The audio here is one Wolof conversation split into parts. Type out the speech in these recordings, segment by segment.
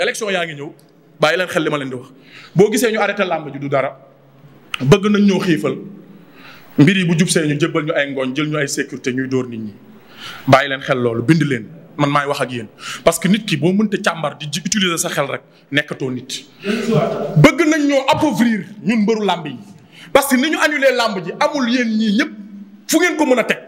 élection yaa ngi ñëw bàyyi leen xel li ma leen di wax boo gisee ñu arrêté làmb ji du dara bëgg nañ ñoo xiifal mbir yi bu jub see ñu jëbbal ñu ay ngooñ jël ñu ay sécurité ñuy dóor nit ñi bàyyi leen xel loolu bind leen man may wax ak yéen parce que nit ki boo mënta càmbar di utiliser sa xel rek nekkatoo nit. bëgg nañ ñoo appauvrir ñun mbëru làmb yi parce que ni ñu annulé làmb ji amul yéen ñii ñëpp fu ngeen ko mën a teg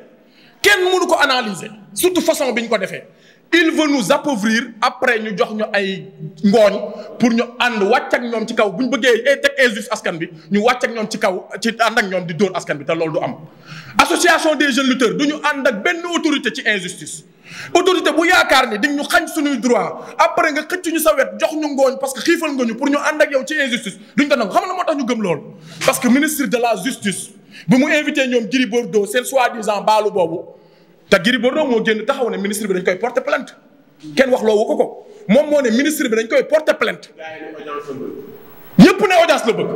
kenn mënu ko analyser surtout façon bi ñu ko defee. il veut nous appauvrir après ñu jox ñu ay ngooñ pour ñu ànd wàcc ak ñoom ci kaw bu ñu bëggee eh, teg injuste askan bi ñu wàcc ak ñoom ci kaw ci ànd ak ñoom di dóor askan bi te loolu du am. association des jeunes lutteurs du ñu ànd ak benn autorité ci injustice autorité bu yaakaar ni di ñu xañ suñuy droit après nga xëcc ñu sa wet jox ñu ngooñ parce que xiifal nga ñu pour ñu ànd ak yow ci injustice duñ ko nangu xam na moo tax ñu gëm loolu. parce que ministre de la justice bu mu invité ñoom Gris Bordeaux seen soi boobu. te Gris Bordeaux moo génn taxaw ne ministre bi dañ koy porter plainte kenn wax loo wu ko ko moom moo ne ministre bi dañ koy porter plainte. ñëpp ne audience la bëgg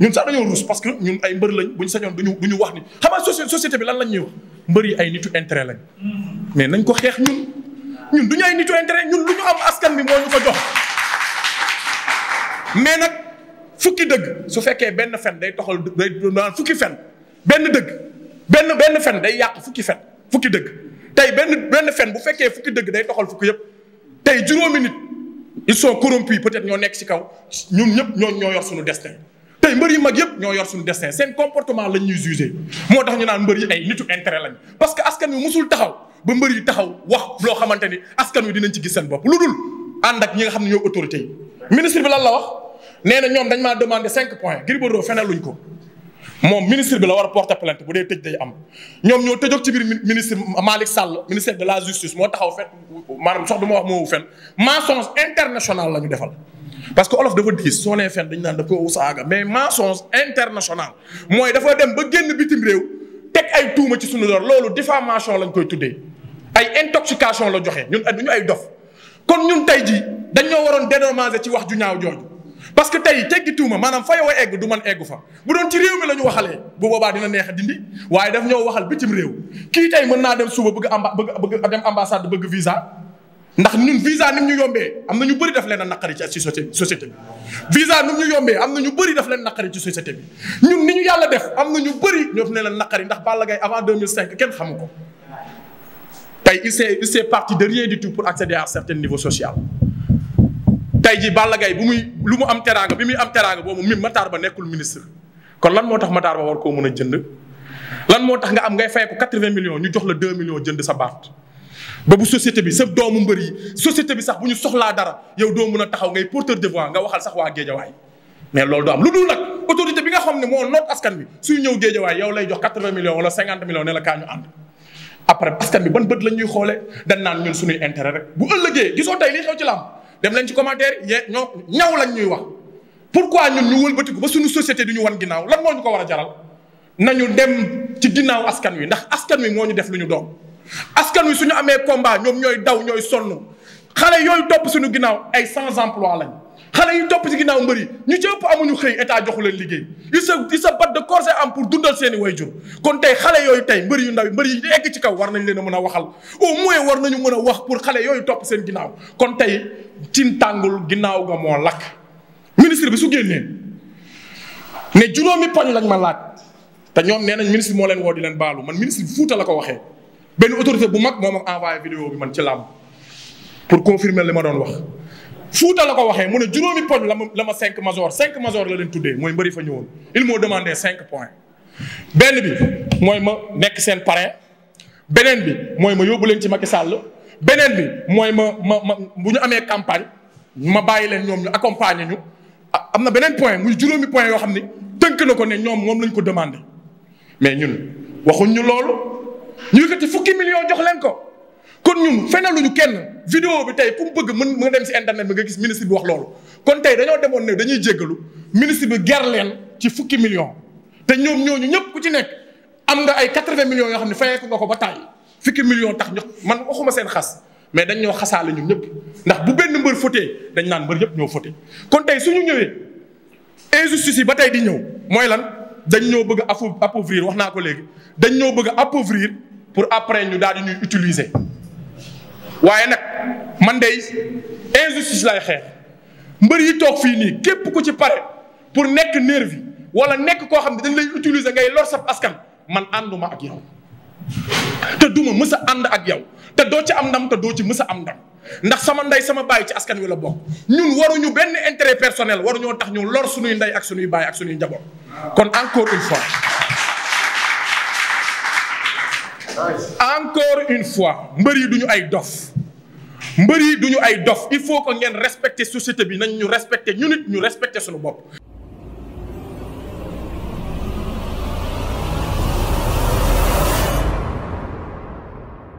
ñun sax dañoo ruus parce que ñun ay mbër lañ bu ñu sañoon duñu bu ñu wax ni xam nga société bi lan lañ ñuy wax mbër yi ay nitu intérêt lañ mais nañ ko xeex ñun ñun du ñu ay nitu intérêt ñun lu ñu am askan bi moo ñu ko jox mais nag dëgg su fekkee benn fen day toxal day fukki fen benn dëgg benn benn fen day yàq fukki fen fukki dëgg tey benn benn fen bu fekkee fukki dëgg day doxal fukki yëpp tey juróomi nit il sont corrompus peut-être ñoo nekk ci kaw ñun ñëpp ñoo ñoo yor suñu destin. tey mbër yi mag yëpp ñoo yor suñu destin seen comportement lañ ñuy jugé moo tax ñu naan mbër yi ay nitu intérêt lañ parce que askan wi musul taxaw ba mbër yi taxaw wax loo xamante ni askan wi dinañ ci gis seen bopp lu dul ànd ak ñi nga xam ne ñoo autorité yi. ministre bi lan la wax nee na ñoom dañ maa demandé cinq points Gris Bordeaux feneluñ ko. moom ministre bi la war a porter plainte bu dee tëj day am ñoom ñoo tëjoog ci biir ministre Malick Sall ministère de la justice moo taxaw fen maanaam sox du ma wax moo fen mensonge international la defal. parce que olof dafa diis soo nee fen dañu naan da ko saaga mais mensonge international mooy dafa dem ba génn bitim réew teg ay tuuma ci suñu lor loolu diffamation lañ koy tuddee ay intoxication la joxe ñun du ñu ay dof kon ñun tey jii dañoo waroon dédommager ci wax ju ñaaw jooju. parce que tey teggi tuuma maanaam fa yow a egg du man eggu fa bu doon ci réew mi la ñu bu boobaa dina neex a dindi waaye daf ñoo waxal bitim réew kii tey mën naa dem suba bëgg amba bëgg dem ambassade bëgg visa ndax ñu yombee am na ñu bëri daf leen a naqari ci société bi visa ni mu ñu yombee bëri daf leen naqari ci société bi ñun ni ñu yàlla def am na ñu bëri ñoo ne leen naqari ndax Balla Gaye avant 2005 kenn xamu ko tey il s'est il s'est parti de rien du tout pour accéder à un certain niveau social tey ji Balla Gaye bu muy lu mu am teraanga bi muy am teraanga boobu mi Matar Ba nekkul ministre kon lan moo tax Matar Ba war koo mën a jënd lan moo tax nga am ngay fay ko 80 millions ñu jox la 2 millions jënd sa baat ba bu société bi sa doomu mbër yi société bi sax bu ñu soxlaa dara yow doo mën a taxaw ngay porteur de voix nga waxal sax waa géejawaay mais loolu du am lu dul nag autorité bi nga xam ne moo noot askan bi suy ñëw géejawaay yow lay jox 80 millions wala 50 millions ne la kaa ñu ànd après askan bi ban bët la ñuy xoolee dañ naan ñun suñuy intérêt rek bu ëllëgee gisoo tey lii xew ci làmb dem leen ci commentaire ye ñoo ñaw lañ ñuy pour pourquoi ñun ñu wëlbatiku ba suñu société du wan ginnaaw lan moo ñu ko war a jaral nañu dem ci ginnaaw askan wi ndax askan wi moo ñu def lu ñu doon askan wi suñu amee combat ñoom ñooy daw ñooy sonn xale yooyu topp suñu ginnaaw ay sans emploi lañ xale yu topp si ginnaaw mbër yi ñu ci ëpp amuñu xëy état joxu leen liggéey ils se ils se battent de corps et âme pour dundal seen i wayjur kon tey xale yooyu tey mbër yu ndaw mbër yi egg ci kaw war nañ leen mën a waxal au moins war nañu mën a wax pour xale yooyu topp seen ginnaaw kon tey ci tàngul ginnaaw ga moo lakk ministre bi su génnee ne juróomi poñ lañ ma laaj te ñoom nee nañ ministre moo leen woo di leen baalu man ministre bi fuuta la ko waxee benn autorité bu mag moo ma envoyé vidéo man ci làmb pour confirmer li ma doon wax. Fouta la ko waxee mu ne juróomi poñ la ma la ma cinq major cinq major la leen tuddee mooy mbëri fa ñëwoon il moo demandé cinq points benn bi mooy ma nekk seen parrain beneen bi mooy ma yóbbu leen ci Macky sàll beneen bi mooy ma ma ma bu ñu amee campagne ma bàyyi leen ñoom ñu accompagner ñu ah, am na beneen point muy juróomi point yoo xam ne tënk na ko ne ñoom moom lañ ko demandé mais ñun waxuñ ñu loolu ñu yëkkati fukki millions jox leen ko. kon ñun fenaluñu kenn vidéo bi tey ku mu bëgg mën nga dem si internet bi nga gis ministre bi wax loolu kon tey dañoo demoon ne dañuy jéggalu ministre bi ger leen ci fukki million te ñoom ñooñu ñëpp ku ci nekk am nga ay quatre-vingts million yoo xam ne ko nga ko ba tàyyi fukki million tax ñu man waxuma seen xas mais dañ ñoo xasaale ñun ñëpp ndax bu benn mbër fotee dañ naan mbër yëpp ñoo fote kon tey suñu ñëwee injustice ba tey di ñëw mooy lan dañ ñoo bëgg apo appauvrir wax naa ko léegi dañ ñoo bëgg a pour après ñu daal di ñuy utiliser waaye nag man de injustice lay xeex mbër yi toog fii nii képp ku ci pare pour nekk nervi wala nekk koo xam ne dañ lay utiliser ngay lor sab askan man ànduma ak yow. te duma mës a ànd ak yow te doo ci am ndam te doo ci mës am ndam ndax sama ndey sama baay ci askan wi la bokk ñun waruñu benn intérêt personnel waruñoo tax ñu lor suñuy ndey ak suñuy baay ak suñuy njaboot kon encore une fois. encore une fois mbër yi duñu ay dof mbër yi duñu ay dof il faut que ngeen respecter société bi nañ ñu respecter ñu nit ñu respecter suñu bopp